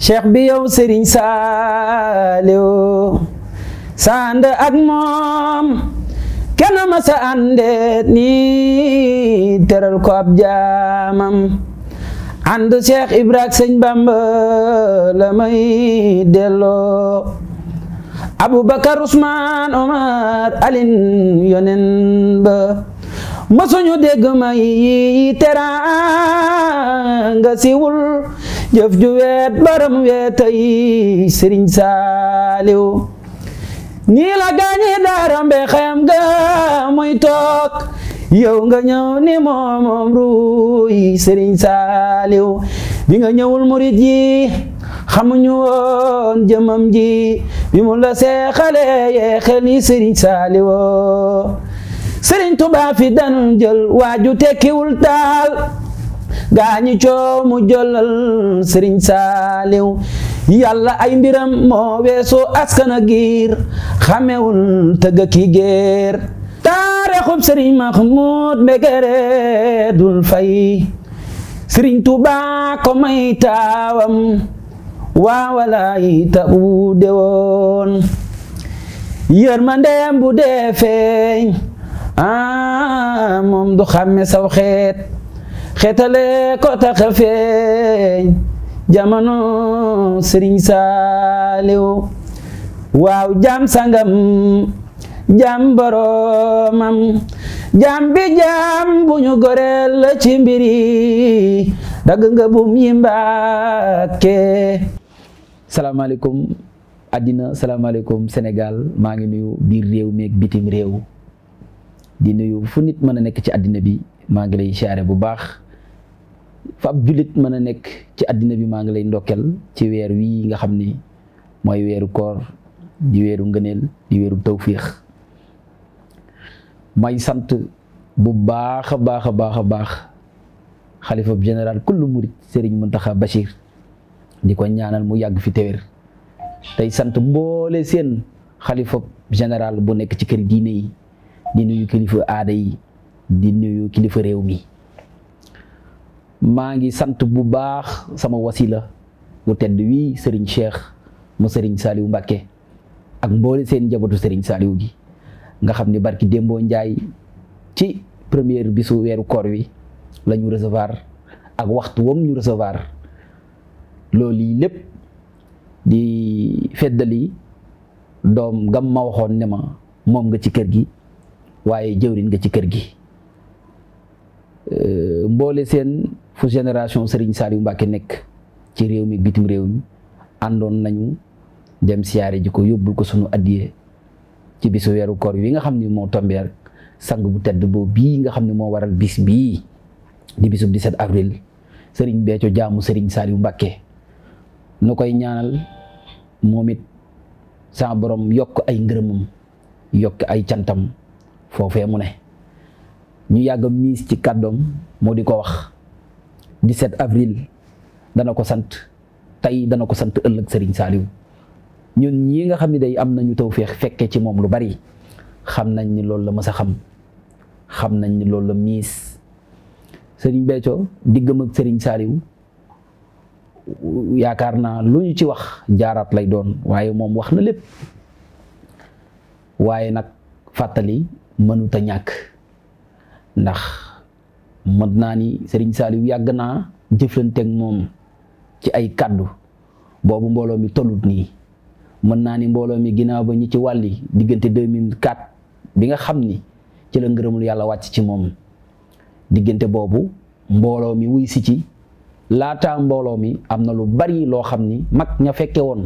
cheikh bi yow sëriñ saaliw ak moom kenn ma sa àndeet teral ko ab jaamam ànd cheikh ibrak sëñ bamba la may delloo abubakar usmaan omar alin yonen ba mësuñu dégg may yi teraanga siwul jëf ju weet baram weeta yi sëriñ saaliw nii la gaañi daaram be xayam ga muy toog nga ñëw ni moom moom ruuy saaliw bi nga ñëwul murit yi xamuñu woon jëmam ji bi mu la seexale yee yi sëriñ saaliwoo sëriñ Tuubaa fi danul jël waaju tekkiwul taal gaañi coo mu jëlal sëriñ saaliw yàlla ay mbiram moo weesoo askan a giir xamewul tëgg ki géer taarixub sëriñ Mahmoud Mbekere dul fay sëriñ Tuubaa ko taawam waa walaay ta u dewoon yërmandeem bu dee feeñ ah, moom du xàmme saw xetale ko tax jamono serigne salew waw jam sangam jam boromam jam bi jam buñu gorel ci mbiri dag nga bum salam alaykum adina salam alaykum senegal ma ngi nuyu rew bitim rew di nuyu fu nit meuna nek ci adina bi ma ngi lay share bu bax fa ab julit mën nek ci adina bi ma nga lay ndokkeel ci weer wi nga xamni moy mooy weeru koor di weeru ngëneel di weeru tawfiix may sante bu baax a baax baax a kullu murid Serigne Mountakha bashir di ñaanal mu yag fi téwér tay sante mboole sen khalifa general bu nek ci kër diine yi di nuyu kilifa aada yi di nuyu kilifa rew mi maa ngi sant bu baax sama wasila mu tedd wi Serigne Cheikh mu Serigne saliw Mbacké ak mboole sen jabotu Serigne saliw gi nga xamni barki Dembo ndjay ci premier bisu wéru koor wi la recevoir ak waxtu wam ñu recevoir loli lepp di feddali dom gam ma waxon ne ma moom nga ci kër gi waye nga ci kër gi mboole seen fu génération Serigne Saliou mbake nek ci réew mi bitim réew mi àndoon nañu dem siari jiko yobul ko sunu addiyee ci bisu weeru kor wi nga xamni mo moo tombeer sang bu tedd bo bii nga xamni mo waral bis bi di bisu 17 avril Serigne Béthio jaamu Serigne Saliou mbake nokoy ñaanal momit sa borom yok ay ngeureumum yok ay cantam fofé mu ne ñu yag mise ci kaddom mo di wax 17 avril dana ko sante tay dana ko sante euleuk Serigne saliw ñun ñi nga xamni day am nañu tawfiq fekke ci mom lu bari xam nañ ni loolu la mësa xam xam nañ ni loolu la miis Serigne Béthio diggam ak Serigne saliw yaakarna luñu ci wax jaarat lay doon waye mom wax na lépp waaye nag ñak ndax mën naa ni Serigne Saliou yàgg naa jëflanteeg moom ci ay kàddu boobu mbooloo mi tollu nii mën naa ni mbooloo mi ginaaw ba ñi ci wàlli diggante 2004 bi nga xam ni ci la ngërëmul yàlla wàcc ci moom diggante boobu mbooloo mi wuy si ci laata mbooloo mi am na lu bari loo xam ni mag ña fekke woon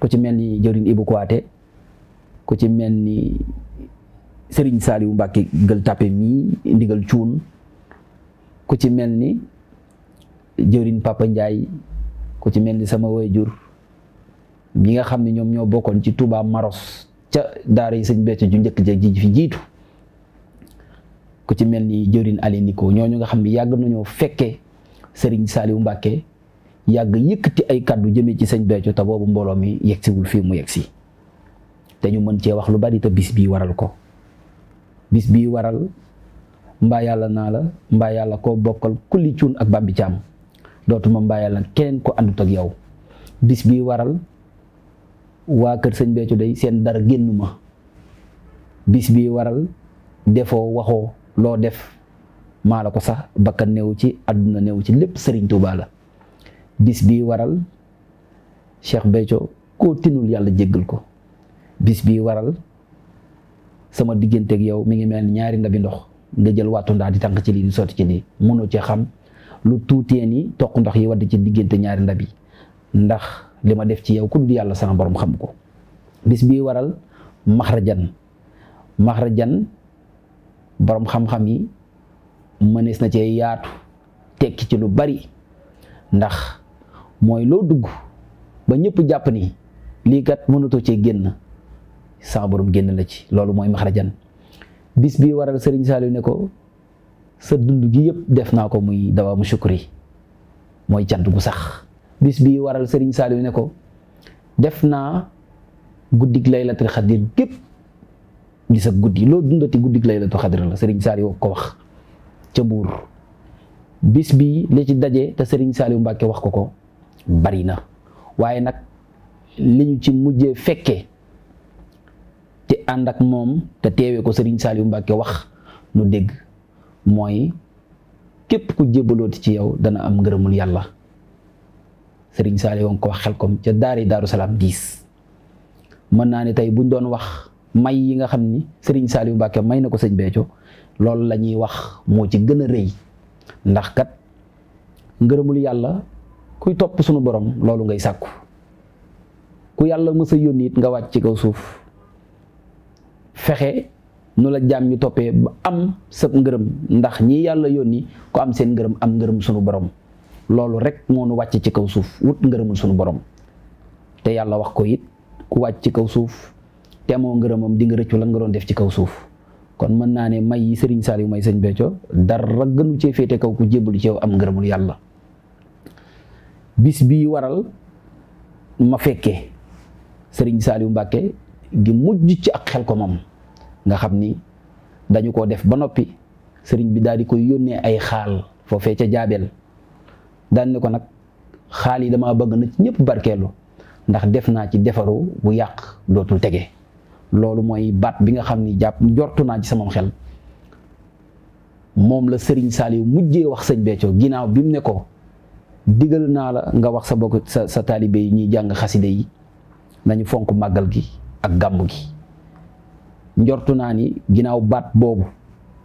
ku ci mel ni jëriñ Ibou Kouaté ku ci mel ni Serigne Saliou Mbacke Gueule Tapée mii ndigal cuun ku ci mel ni jëwriñ Papa njaay ku ci mel ni sama waajur ñi nga xam ne ñoom ñoo bokkoon ci Touba Maros ca daara yi sëñ Béthio ju njëkk ja ji fi jiitu ku ci mel ni jëwriñ Ali ñoo ñu nga xam ne yàgg nañoo fekkee sëriñ saali Saliou Mbacke yàgg yëkkati ay kàddu jëmee ci sëñ Béthio te boobu mbooloo mi yegsiwul fii mu yegsi te ñu mën cee wax lu bari te bis bii waral ko bis bii waral mbaa yàlla naa la mbaa yàlla koo bokkal kulli cuun ak bàmbi caam dootuma mbaa yàlla keneen ko àndut ak yow bis bi waral waa kër sëñ Béthio day seen dara génn ma bis bi waral defoo waxoo loo def maa la ko sax bakkan néew ci àdduna néew ci lépp sëriñ Tuubaa la bis bii waral Cheikh Béthio koo tinul yàlla jéggal ko bis bii waral sama diggante ak yow mi ngi mel ni ñaari ndabi ndox nga jël watu ndaa di tank ci li di soti ci ni mënu ci xam lu tuutee ni tok ndox yi wad ci diggante ñaari ndabi ndax lima ma def ci yow ku yalla sama borom xam ko bis bi waral mahrajan mahrajan borom xam-xam yi mënees na ci yaatu tek ci lu bari ndax moy lo dugg ba ñepp japp ni li kat mënatoo ci genn sa borom genn la ci lolou moy makhrajan bis bi waral serigne Saliou ne ko sa dundu gi yeb def naa ko muy mu shukri moy cant gu sax bis bi waral serigne Saliou ne ko def na guddik laylatul khadir. Gip di sa guddi lo dundati guddik laylatul khadir la sëriñ Saliou ko wax ci bur bis bi li ci daje te serigne Saliou Mbacke wax ko ko bari na waaye nag ci mujjé Andak mom te teewee ko Serigne Saliou mbake wax nu deg moy kep ku jébalooti ci yow dana am ngeureumul yalla Serigne Saliou nga ko wax xel kom ci daari daru salam 10 man naa tay buñ doon wax may yi nga xamni Serigne Saliou mbake may nako ko sëñ lol lañuy la wax mo ci gëna reey ndax kat ngeureumul yalla kuy top suñu borom lolou ngay sakku ku yalla mës a nga wacc ci kaw suuf fexe nu la jaam ñu toppee ba am sa ngërëm ndax ñi yàlla yónni ku am seen ngërëm am ngërëm sunu borom loolu rek moo nu wàcc ci kaw suuf wut ngërëmul sunu borom te yàlla wax ko it ku wàcc ci kaw suuf te amoo ngërëmam di nga rëccu lan nga doon def ci kaw suuf kon mën naa ne may yi sëriñ Saliou may sëñ Béthio dara gënu cee féete kaw ku jébbalu ci am ngërëmul yàlla bis bii waral ma fekkee sëriñ Saliou Mbàkke gi mujj ci ak xel ko mom nga xamni dañu ko def ba nopi serigne bi daal di koy yónnee ay xaal foofee ca jabel daan ne ko nak xaal yi dama bëgg na ci defaro, barkeelu ndax def na ci defaru bu yaq dotul tege lolu moy bat bi nga xamni japp jortuna ci sama xel mom la serigne saliw mujjé wax sëñ beccio ginaaw bi ne ko digal na la nga wax sa bokk sa talibé yi ñuy yi nañu fonk magal gi ak gàmmu gi njortu naa ni ginnaaw baat boobu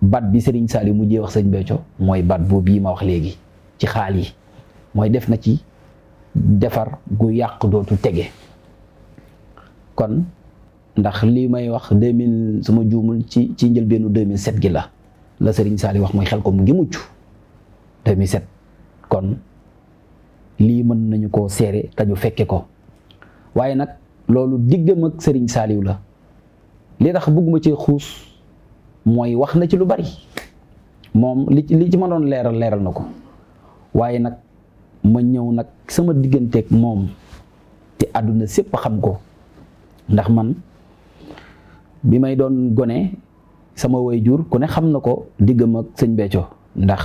baat bi sëriñ Saliou mujjee wax sëñ Béthio mooy baat boobu yi ma wax léegi ci xaal yi mooy def na ci defar gu yàq dootu tege kon ndax lii may wax 2000 sama juumul ci ci njëlbeenu 2007 gi la la Serigne Saliou wax mooy xel ko mu ngi mucc 2007 kon lii mën nañu koo seere te fekke ko waaye nag loolu diggam ak sëriñ saaliw la li tax bëgguma ci xuus mooy wax na ci lu bari moom li li ci ma doon leeral leeral na ko waaye nag ma ñëw nag sama diggante digganteeg moom te àdduna sépp xam ko ndax man bi may doon gone sama jur ku ne xam na ko diggam ak sëñ Béthio ndax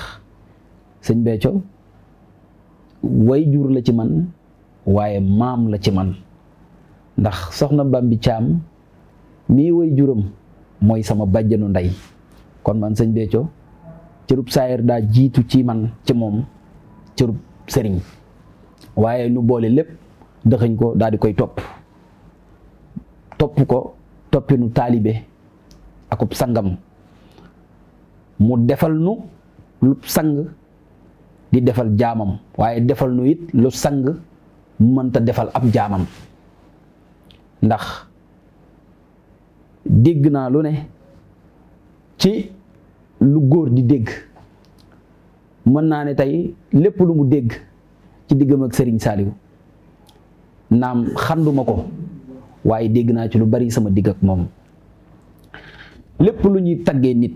sëñ Béthio waajur la ci man waaye maam la ci man ndax soxna Bambi Caam mii woy juram mooy sama bàjjanu ndey kon man sëñ Béthio cërub saayir daa jiitu ci man ci moom cërub sëriñ waaye nu boole lépp dëxëñ ko daal di koy topp topp ko toppinu taalibe akub sangam mu defal nu lu sang di defal jaamam waaye defal nu it lu sang mënta defal ab jaamam ndax dégg naa lu ne ci lu góor di dégg mën naa ne tey lépp lu mu dégg ci diggam ak sëriñ Saliou naam xanduma ko waaye dégg naa ci lu bari sama digg ak moom lépp lu ñuy taggee nit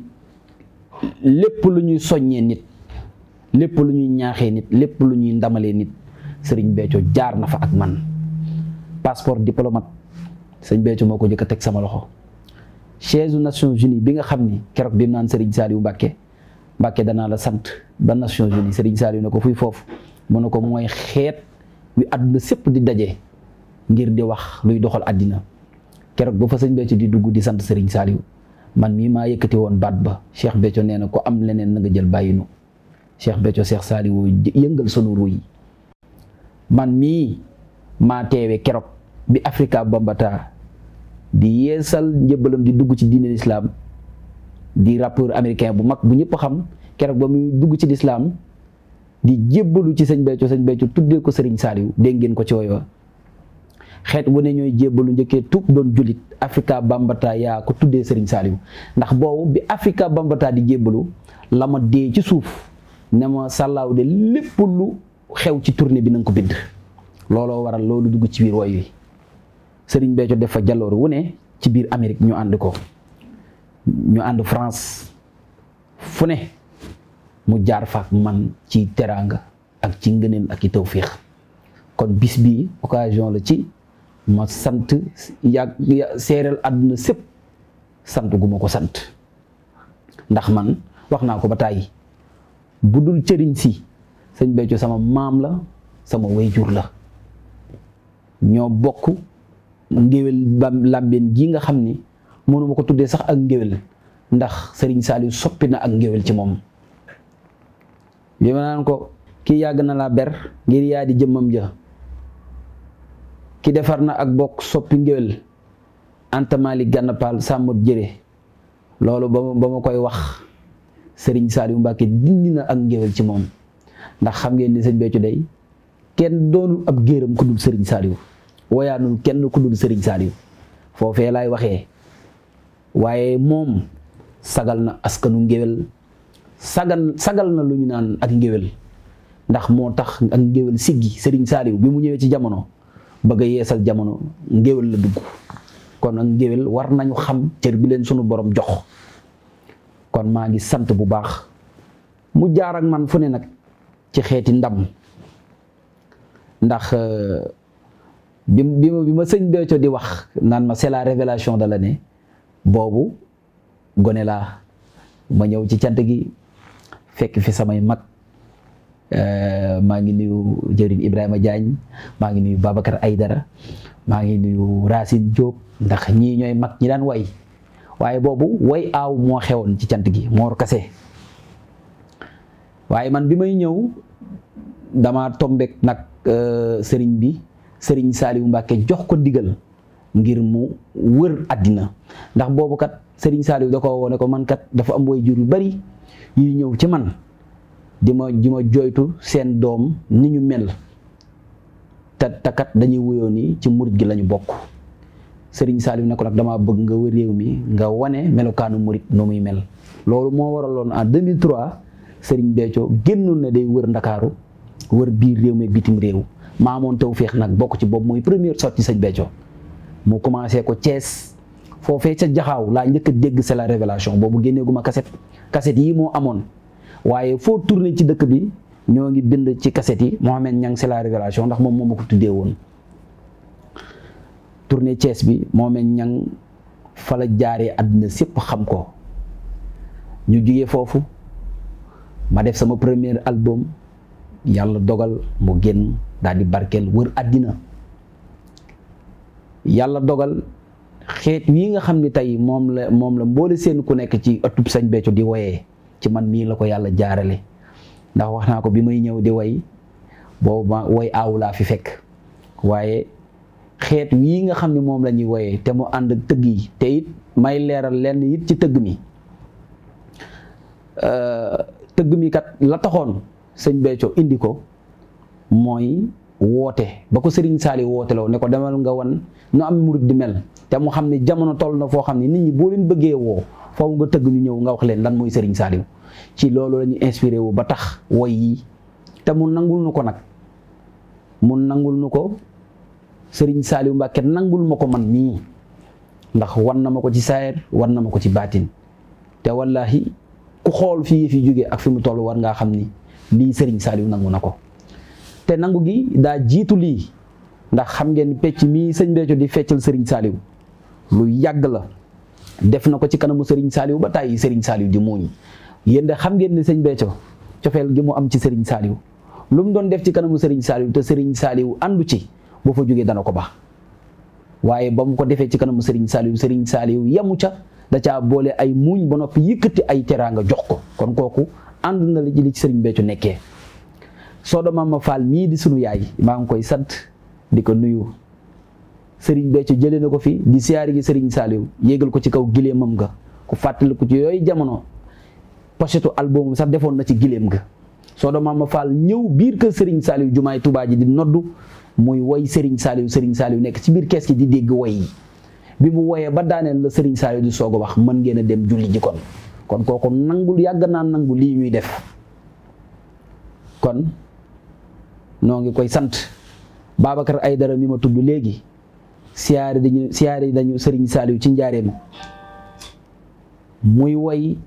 lépp lu ñuy soññee nit lépp lu ñuy ñaaxee nit lépp lu ñuy ndamalee nit sëriñ Béthio jaar na fa ak man passeport diplomate sëñ beccu moo ko tek sama loxo chaise u Nations Unies bi nga xamni ni bi nane Serigne Saliou mbacké Mbacke danaa la sante ba Nations Unies Serigne Saliou nako fuy foofu mu ne ko mooy wi aduna sepp di dajé ngir di wax luy doxal adina keroog bu fa sëñ beccu di dugg di sante Serigne Saliou man mi ma yëkëti won baat ba Cheikh beccu néna ko am lenen na nga jël bayinu Cheikh beccu Cheikh Saliou yëngal sonu ruuy man mi ma teewe keroog bi Africa Bambaataa di yeesal njëbbalam di dugg ci diine lislaam di rappeur américain bu mag bu ñëpp xam keroog ba muy dugg ci lislaam di jébbalu ci sëñ Béthio sëñ Béthio tuddee ko Serigne Saliou dégg ngeen ko ci woyoo xeet wu ne ñooy jébbalu njëkkee tuub doon jullit Africa Bambaataa yaa ko tuddee Serigne Saliou ndax boobu bi Africa Bambaataa di jébbalu la ma dee ci suuf ne ma sàllaaw de lépp lu xew ci tournée bi na ko bind looloo waral loolu dugg ci biir woy Serigne Béthio def fa jaloor wu ne ci biir Amérique ñu ànd ko ñu ànd France fu ne mu jaar fa man ci teraanga ak ci ngëneel ak i tawféex kon bis bii occasion la ci ma sant yàgg seereel àdduna sépp sant guma ko sant ndax man wax naa ko ba tàyyi bu dul cëriñ si sëñ Béthio sama maam la sama wayjur la ñoo bokk ngéwél lambeen gi nga xamni ni mënuma ko tuddee sax ak ngewel ndax Serigne Saliou soppina na ak ngewel ci mom bi ma ko ki yag na la ber ngir ya di jëmam ja ki defar na ak bok soppi ngewel anta gànnapaal sàmmut samud jere ba bama bama koy wax Serigne Saliou mbake dindina na ak ngewel ci mom ndax xam ngeen ni serigne beccu day kenn doonul ab geeram ku dul Serigne Saliou nu kenn ku dul serigne saaliw fofé lay waxé wayé mom sagal na askanu ngewel sagal sagal na luñu nan ak ngewel ndax motax ak ngewel siggi serigne saaliw bi mu ñëwé ci jamono bëgg a yeesal jamono ngewel, la dugg kon ak ngewel war nañu xam cër bi leen sunu borom jox kon ma ngi sante bu baax mu jaar ak man fune nak ci xeeti ndam ndax euh, bi bi ma bi ma sëñ Béthio di wax naan ma c'est la révélation de ne boobu gone laa ma ñëw ci cant gi fekk fi samay mag euh, maa ngi nuyu jëriñ Ibrahima Diagne maa ngi nuyu Babacar Aydara maa ngi nuyu Racine Diop ndax ñii ñooy mag ñi daan way waaye boobu way aaw moo xewoon ci cant gi moor kase waaye man bi may ñëw dama tombeek nag euh, sëriñ bi Sering Saaliwu mbake jox ko digal ngir mu wër adina ndax bobu kat serigne Saaliwu dako woné ko man kat dafa am way jur bari yi ñew ci man dima jima sendom joytu sen dom ni mel ta takat dañuy wuyo ni ci mourid gi lañu bokk serigne Saaliw ne ko bëgg nga wër rew mi nga mourid no muy mel loolu moo waraloon en 2003 serigne Béthio génnoon ne day wër ndakaru wër biir rew mi bitim rew maa amoon tawféex nag bokk ci boobu mooy première sortie sëñ Béthio mu commencé ko Thiès foofee ca jaxaaw laa njëkk a dégg c'est la révélation boobu génneeguma kaset kaset yi moo amoon waaye foo tourné ci dëkk bi ñoo ngi bind ci kaset yi Mohamed Niang c'est la révélation ndax moom ko tuddee woon tourné Thiès bi Mohamed Niang fa jaaree àddina sépp xam ko ñu jugee foofu ma def sama premier album yàlla dogal mu génn daal di barkeel wër Ya yalla dogal xet wi nga xamni tay mom la mom la mbolé sen ku nek ci atup señ beccu di woyé ci man mi la ko yàlla jaarale ndax waxna ko bi may ñëw di way bo ma woy aaw fi fek waaye xet wi nga xamni mom la ñuy woyee te ak teug yi té it may léral lén yit ci teug mi teug mi kat la taxone señ beccu indi ko mooy woote ba ko sëriñ Sali woote law ne ko demal nga wan nu am mu di mel te mu xam ne jamono toll na foo xam ne nit ñi boo leen bëggee woo foofu nga tëgg ñu ñëw nga wax leen lan mooy sëriñ Saliou ci loolu la ñu inspiré wu ba tax woy yii te mu nangul nu ko nag mu nangul nu ko Serigne Saliou Mbacke nangul ma ko man mii ndax wan na ma ko ci saayir wan na ma ko ci baatin te wallahi ku xool fii fi jógee ak fi mu toll war ngaa xam ni lii sëriñ Saliou nangu na ko te nangu gi daa jiitu lii ndax xam ngeen pecc mii sëñ Béthio di feccal Serigne saaliw lu yàgg la def na ko ci kanamu Serigne saaliw ba tàyyi Serigne Saliou di muuñ yéen de xam ngeen sëñ Béthio cofeel gi mu am ci Serigne saaliw lum doon def ci kanamu Serigne Saliou te Serigne Saliou àndu ci boo fa jógee dana ko baax waaye ba mu ko defee ci kanamu Serigne Saliou Serigne saaliw yamu ca da boole ay muuñ ba noppi yëkkati ay teraanga jox ko kon kooku ànd na la jëli ci Serigne nekkee. Soxna Mama Fall mii di sunu yaay maa ngi koy sant di ko nuyu sëriñ Serigne ci jëlee na ko fi di siyaari gi Serigne saaliw yéegal ko ci kaw gileemam ga ku fàttaliku ci yooyu jamono pochetu album sax defoon na ci gileem ga Soxna Mama Fall ñëw biir kër Serigne Saliou jumaay Touba ji di noddu muy woy Serigne Saliou Serigne Saliou nekk ci biir kees gi di dégg woy yi bi mu woyee ba daaneel la Serigne Saliou di soog a wax mën ngeen a dem julli ji kon kon kooku nangul yàgg naa nangu lii ñuy def noo ngi koy sant Babacar Aydara mi ma tudd léegi siyaare dañu siyaare dañu Serigne Saliou ci njaareem muy woy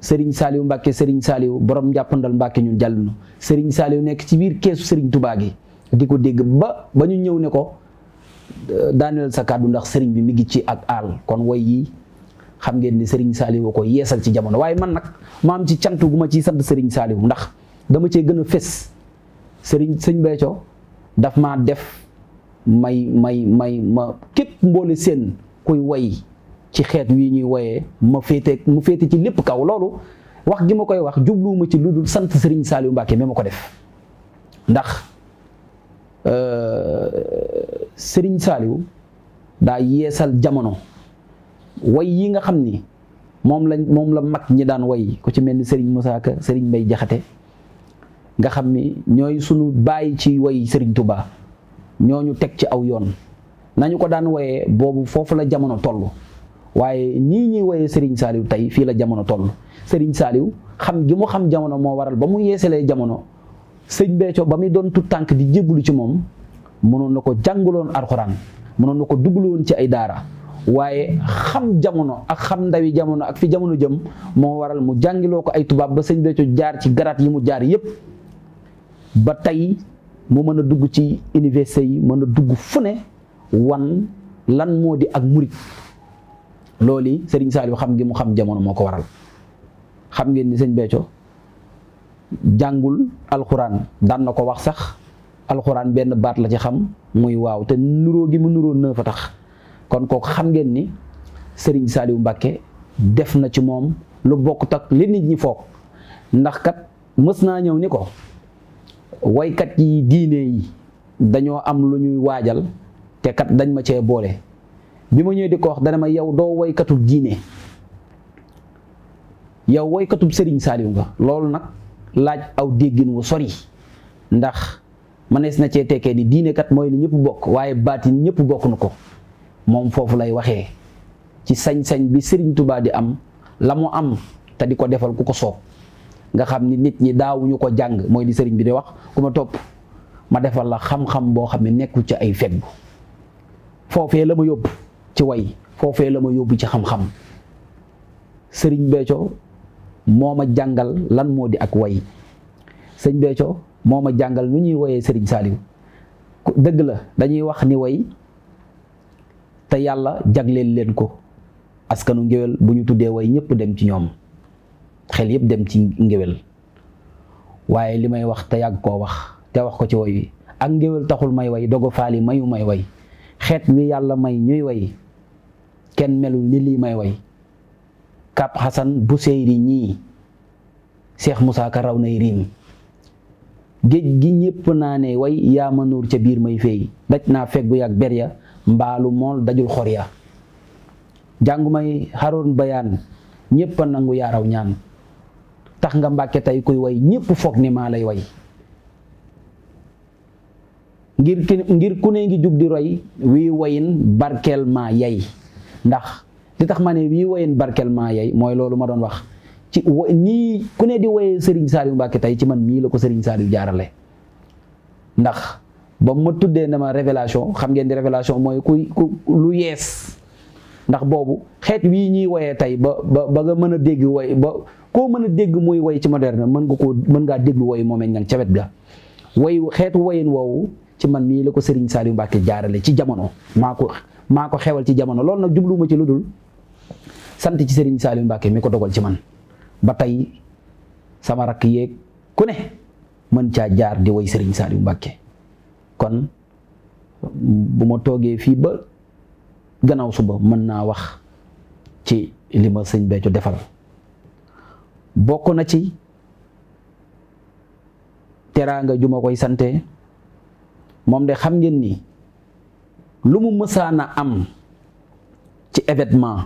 sëriñ Saliou Mbacke Serigne Saliou borom njàppandal Mbacke ñun jàll na Serigne Saliou nekk ci biir keesu Serigne Touba gi di ko dégg ba ba ñu ñëw ne ko euh, daaneel sa kàddu ndax sëriñ bi mi ngi ci ak aal kon way yi xam ngeen ni Serigne Saliou ko yeesal ci jamono waaye man nag ma ci cant gu ma ciy sant Serigne Saliou ndax dama cee gën a sëriñ sëñ Béthio dafa ma def may may may ma képp mboole seen kuy way ci xeet wii ñuy woyee ma féete mu féete ci lépp kaw loolu wax gi ma koy wax jubluwuma ci lu dul sant sëriñ Saliou Mbacke mi ma ko def ndax euh, sëriñ Saliou daa yeesal jamono way yi nga xam ni moom lañ moom la mag ñi daan way ku ci mel ni sëriñ Moussa Ka sëriñ bay Jaxate nga xamni ñoy suñu sunu ci way Serigne Touba ñoñu tek ci aw yoon nañu ko daan waye bobu fofu la jamono tollu waye nii ñi waye Serigne saliw tay fi la jamono tollu Serigne saliw xam gi mu xam jamono mo waral ba mu jamono serigne becho ba muy doon tout tank di jébbalu ci mom mënon nako jangulon alcorane mënon nako dugulon ci ay daara waye xam jamono ak xam ndawi jamono ak fi jamono jëm mo waral mu jangilo ko ay tubab ba serigne Béthio jaar ci garat yi mu jaar yépp ba tey mu mën a dugg ci université yi mën a dugg fu ne wan lan moo di ak murit loolu Serigne Saliou xam ngi mu xam jamono moo ko waral xam ngeen ni sëñ Béthio jàngul alxuraan daan na ko wax sax alxuraan benn baat la ci xam muy waaw nuroo gi mu nuroo na fa kon kooku xam ngeen ni Serigne Saliou Mbacke def na ci moom lu bokk takk li nit ñi foog ndax kat mës naa ñëw ni ko. woykat yi diine yi dañoo am lu ñuy waajal te kat dañ ma cee boole bi ma ñëwee di ko wax dana ma yow doo woykatu diine yow woykatu sëriñ saaliw nga loolu nag laaj aw déggin wu sori ndax mënees na cee tekkee ni diine kat mooy li ñëpp bokk waaye baat baatin ñëpp bokk na ko moom foofu lay waxee ci sañ-sañ bi sëriñ Tuubaa di am la mu am te di ko defal ku ko soob nga xam ni nit ñi daawuñu ko jàng mooy di sëriñ bi di wax ku ma topp ma defal la xam-xam boo xam ne nekkul ci ay feggu foofee la ma yóbbu ci way foofee la ma yóbbu ci xam-xam sëriñ Béthio moo ma jàngal lan moo di ak way sëriñ Béthio moo ma jàngal nu ñuy woyee sëriñ Saliou dëgg la dañuy wax ni way te yàlla jagleen leen ko askanu ngéwél bu ñu tuddee way ñëpp dem ci ñoom xel yëpp dem ci ngéwél waaye li may wax te yàgg koo wax te wax ko ci woy wi ak ngéwél taxul may woy dogo faali mayu may way xeet wi yàlla may ñuy way kenn melul ni lii may way kap xasan bu séyri ñii seex musaa ka raw nay riim géej gi ñépp naa ne way yaa nuur ca biir may feey daj naa fekk bu yàgg ber ya mbaalu mool dajul xor ya jàngu may xaroon bayaan ñépp a nangu yaaraw ñaan tax nga mbàkke tey kuy way ñépp foog ni maa lay way ngir ku ne ngi jug di roy wii wayin barkeel maa yay ndax li tax maa ne wii wayin barkeel maa yay mooy loolu ma doon wax ci nii ku ne di woyee Serigne Saliou Mbacke tey ci man mii la ko Serigne Saliou jaarale ndax ba ma tuddee na ma révélation xam ngeen di révélation mooy ku lu yees ndax boobu xeet wii ñuy woyee tey ba ba ba nga mën a dégg woy ba koo mën a dégg muy woy ci moderne mën nga koo mën ngaa déglu woy moomeñ ñang ca wet ga woy xeetu woyin woowu ci man mii la ko Serigne Saliou Mbacke jaarale ci jamono maa ko maa ko xewal ci jamono loolu nag jubluwuma ci lu dul sant ci Serigne Saliou Mbacke mi ko dogal ci man ba tey sama rakk yeeg ku ne mën caa jaar di woy Serigne Saliou Mbacke kon bu ma toogee fii gannaaw suba mën naa wax ci lima ma sëñ Béthio defal bokk na ci teraanga ju ma koy sante moom de xam ngeen ni lu mu mësaan a am ci événement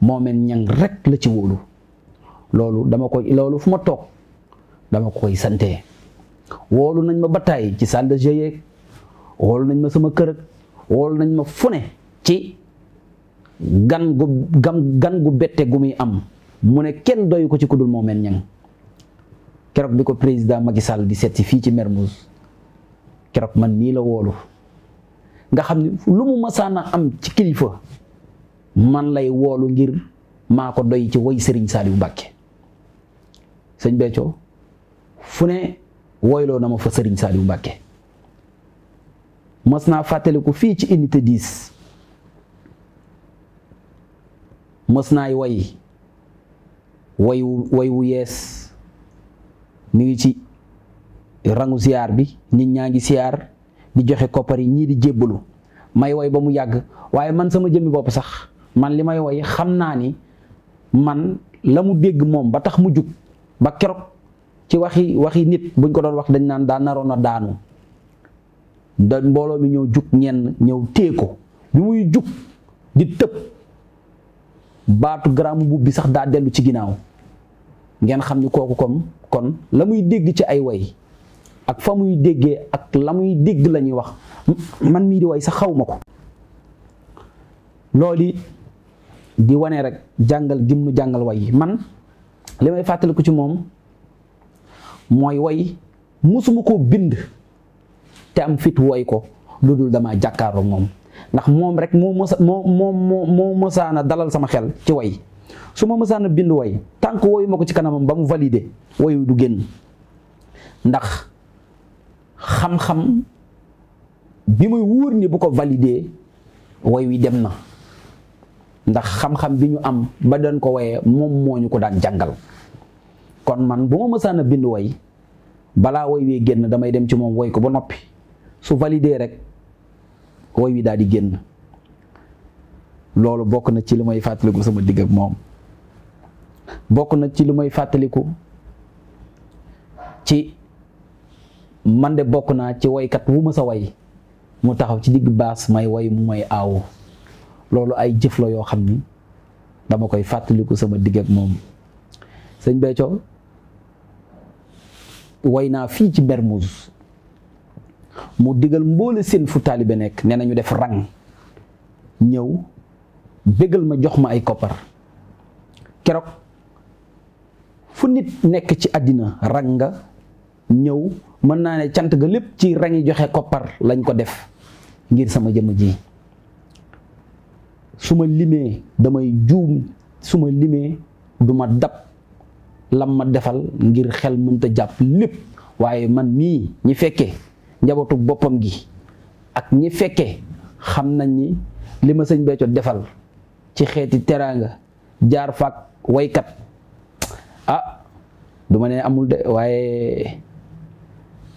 moomeen ñang rek la ci wóolu loolu dama loolu fu ma toog dama ko koy sante woolu nañ ma bataay ci salle de jeu woolu nañ ma sama kër ak woolu nañ ma fu ci gan gu gam gan gu bette gu muy am mu ne kenn doyu ko ci kudul Moomeen Ñaŋ keroog bi ko président Macky Sall di seet si fii ci Mermoz keroog man nii la woolu nga xam ne lu mu masaan a am ci kilifa man lay woolu ngir maa ko doy ci woy Serigne Saliou Mbacke sëñ Béthio fu ne woyloo na ma fa Serigne Saliou Mbacke mos naa fàttaliku fii ci unité 10 mës wai way way way wu yes ni ngi ci rangu ziar bi nit ñangi ziar di joxe koppar yi di jébbalu may way ba mu yag waye man sama jëmi bop sax man limay wai way ni man lamu mu dégg moom ba tax mu juk ba keroog ci waxi waxi nit buñ ko doon wax dañ naan daa naroon a daanu da mbolo mi ñew juk ñen ñew téye bi muy juk di tepp baatu garaamu mbubb bi sax daa dellu ci ginnaaw ngeen xam ni kooku comme kon la muy dégg ci ay woy ak fa muy déggee ak la muy dégg la ñuy wax man mii di woy sax xaw ma ko loolu di wane rek jàngal gim jàngal way yi man li may fàttaliku ci moom mooy woy musuma koo bind te am fit woy ko lu dul damaa jàkkaaroog moom ndax moom rek moo mos moo moo moo moo mosaan a dalal sama xel ci way su ma mosaan a bind way tànk woyu ma ko ci kanamam ba mu validé woyu du génn ndax xam-xam bi muy wóor ni bu ko validé way wi dem na ndax xam-xam bi ñu am ba doon ko woyee moom moo ñu ko daan jàngal kon man bu ma mosaan a bind way balaa woy wee génn damay dem ci moom woy ko ba noppi su validé rek woy wi daal di génn loolu bokk na ci lu may fàttaliku sama digg ak moom bokk na ci lu may fàttaliku ci man de bokk naa ci woykat wu ma sa way mu taxaw ci digg baas may way mu may aawu loolu ay jëf la yoo xam ni dama koy fàttaliku sama digg ak moom sëñ Béthio way naa fii ci Mermoz mu digal mboole seen fu taalibe nekk nee na ñu def rang ñëw bégal ma jox ma ay koppar keroog fu nit nekk ci àddina rang nga ñëw mën naa ne cant ga lépp ci rangi joxe koppar lañ ko def ngir sama jëmm ji su ma limee damay juum su ma limee du dab lam ma defal ngir xel mënta jàpp lépp waaye man mii ñi fekke njabootu bopam gi ak ñi fekke xam nañ ni lima señ sëñ defal ci xéeti teranga jaar way kat ah duma né amul de waaye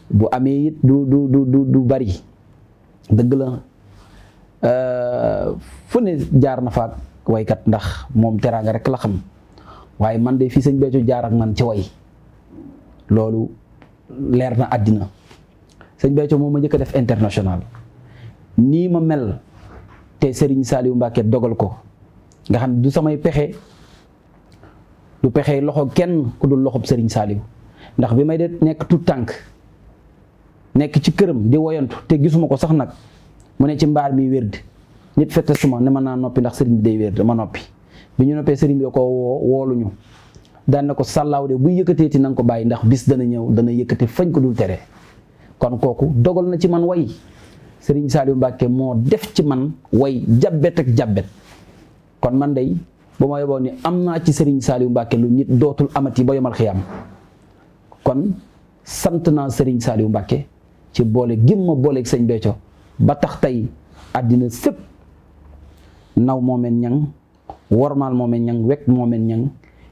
bu amé yit du du du du bari deug la eh, fu ne jaar na way kat ndax mom teranga rek la xam waye man de fi señ Béthio jaar ak man ci way loolu lerna na sëñ Béthio moom ma njëkk def international nii ma mel te Serigne Saliou Mbacké dogal ko nga xam du samay pexe du pexe loxo kenn ku dul loxob sëriñ Saliou ndax bi may de nekk tout tànk nekk ci këram di woyantu te gisuma ko sax nag mu ne ci mbaar mi wérd nit fette suma ne ma naa noppi ndax sëriñ bi day wérd ma noppi bi ñu noppee sëriñ bi da ko woo wooluñu daan na ko sàllaaw de buy yëkkateeti na nga ko bàyyi ndax bis dana ñëw dana yëkkate fañ ko dul tere kon kooku dogal na ci man way sëriñ Saliou Mbacke moo def ci man way jabet ak jabet kon man day bu ma yeboo am naa ci sëriñ Saliou mbakke lu nit dootul amati ba yomal xiyaam kon sant naa sëriñ Saliou Mbacke ci boole gim ma booleeg sëñ Béthio ba tax tey àddina sépp naw moo mel ñang wormaal moo mel ñang wekk moo mel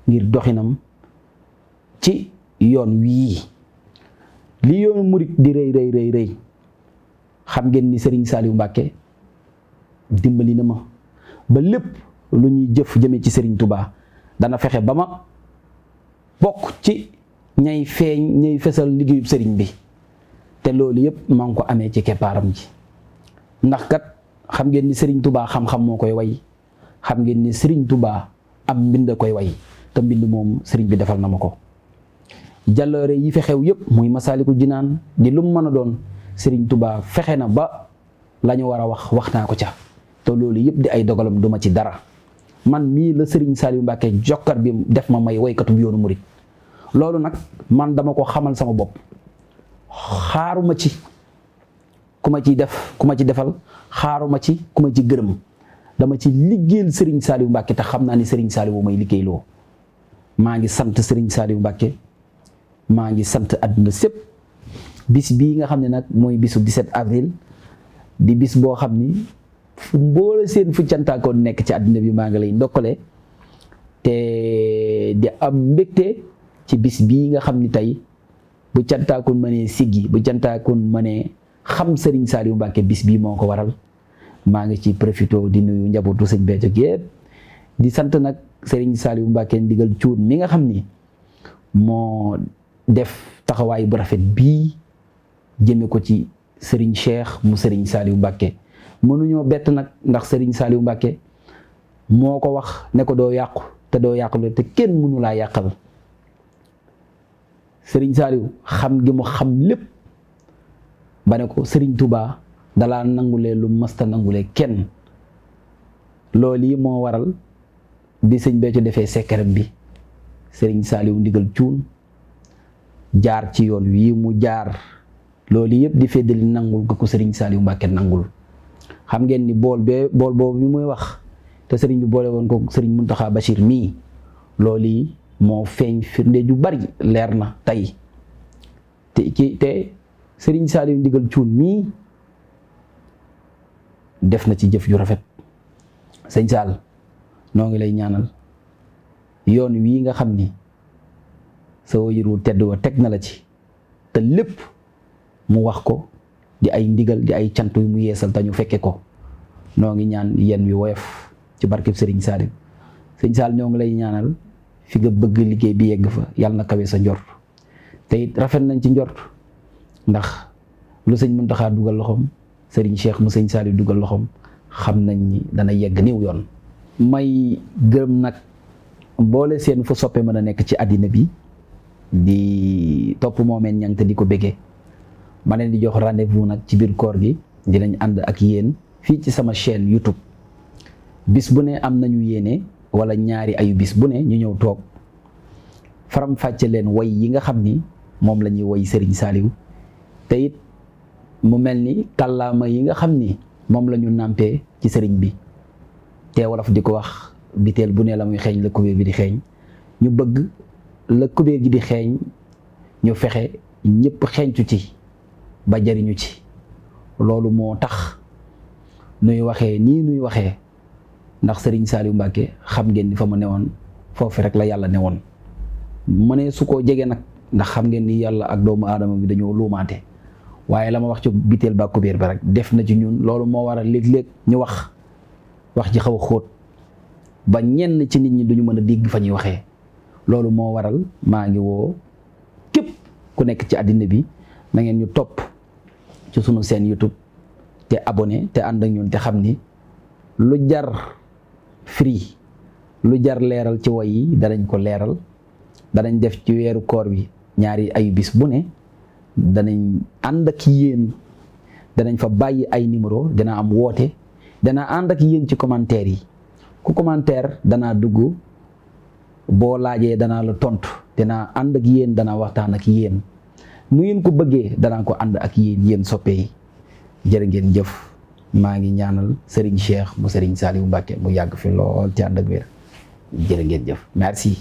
ngir doxinam ci yoon wii li yoonu murit di rey rëy rëy rëy xam ngeen ni Serigne Saliou Mbacke dimbali na ma ba lépp lu ñuy jëf jëmee ci Serigne Touba dana fexe ba ma bokk ci ñay feeñ ñay fesal liggéeyub sëriñ bi te loolu yëpp maa ngi ko amee ci keppaaram ji ndax kat xam ngeen ni sëriñ Touba xam moo koy way xam ngeen ni Serigne Touba am mbind koy way te mbind moom sëriñ bi defal na ma ko. jallore yi fexew xew yépp muy jinan jinaan di lum meuna don Serigne Touba fexena ba lañu wara wax waxna ko ca to lolou di ay dogalam duma ci dara man mi sering Serigne salim mbake jokkar bi def ma may woykatu bu yoonu mourid lolou nak man dama ko xamal sama bop xaaruma ci kuma ci def kuma ci defal xaaruma ci kuma ci geureum dama ci liggeel Serigne salim mbake ta xamna ni Serigne mo may liggeelo maa sante Serigne salim mbake ma ngi sant aduna sepp bis bi nga xamni nak moy bisu 17 avril di bis bo xamni fu mbole sen fu ko nek ci aduna bi ma nga lay te di am mbégte ci bis bi nga xamni tay bu cianta ko mané siggi bu ko mané xam serigne Saliou mbake bis bi moko waral ma nga ci profito di nuyu njabotu sëñ bejo geet di sant nak serigne Saliou mbake ndigal cuun mi nga xamni mo def taxaway bu rafet bi jëme ko ci Serigne Cheikh mu Serigne Saliou Mbacké ñoo bett nak ndax Serigne Saliou Mbacké moko wax ne ko do yàqu te doo yàqule te kenn mënu la yaqal Serigne Saliou xam gi mu xam lepp ba ne ko Serigne Touba la nangulé lu masta nangulé kenn loli mo waral bi sëñ Béthio defee sekkaram bi Serigne Saliou ndigal jaar ci yoon wi mu jaar loolu yëpp di feddali nangul ko ko sëriñ Saliou Mbacke nangul xam ngeen ni bool bol bool boobu bi muy wax te sëriñ bi boole woon ko sëriñ Mountakha bashir mii loolu mo moo feeñ firnde ju bari leer na tey te ki te sëriñ Saliou ndigal cuun mii def na ci jëf ju rafet sëñ Saal noo ngi lay ñaanal yoon wii nga xam ni sa wajur wu tedd wa teg na la ci te lépp mu wax ko di ay ndigal di ay cant yu mu yeesal te ñu fekke ko ñoo ngi ñaan yenn wi woyof ci barkeb sëriñ Saliou sëñ Saliou ñoo ngi lay ñaanal fi nga bëgg liggéey bi yegg fa yal na kawe sa njort te it rafet nañ ci njor ndax lu sëñ Muntaxa dugal loxoom sëriñ Cheikh mu sëñ Saliou dugal loxoom xam nañ ni dana yegg niw yoon may gërëm nag boole seen fu soppee mën a nekk ci àddina bi di top moment ñang tadi ko bege ma di jox rendez-vous nak ci bir koor gi dinañ and ak yeen fi ci sama chaîne YouTube bis bu né am nañu yéné wala ñaari ayu bis bu né ñu ñew tok faram faccé len way yi nga xamni ni lañuy way Serigne saliw te it mu melni ni yi nga xamni mom lañu nampé ci serigne bi té wala diko wax bitel bu né lamuy xéñ bi di xéñ ñu bëgg la kubéer gi di xeeñ ñu fexe ñépp xeeñtu ci ba jariñu ci loolu moo tax nuy waxee nii nuy waxee ndax sëriñ Saliou Mbacke xam ngeen ni fa mu newoon foofu rek la yàlla newoon mu ne su koo jegee nag ndax xam ngeen ni yàlla ak doomu aadama bi dañoo luumaate waaye la ma wax ci biteel ba kubéer ba rek def na ci ñun loolu moo waral léeg-léeg ñu wax wax ji xaw xóot ba ñenn ci nit ñi duñu mën a dégg fa ñuy waxee loolu moo waral maa ngi woo képp ku nekk ci àddina bi ma ngeen ñu topp ci sunu seen YouTube te abone te ànd ak ñun te xam ni lu jar free lu jar leeral ci woy yi danañ ko leeral danañ def ci weeru koor bi ñaari ayu bu ne danañ ànd ak danañ fa bàyyi ay numéro dana am woote dana ànd ak yéen ci commentaire yi ku commentaire danaa dugg boo laajee danaa la tontu dinaa ànd ak yéen danaa waxtaan ak yéen mu ngeen ko bëggee danaa ko ànd ak yéen yéen soppe yi jërë jëf maa ngi ñaanal Serigne Cheikh mu Serigne Saliou Mbacke mu yàgg fi lool ci ànd ak wér jërë jëf merci.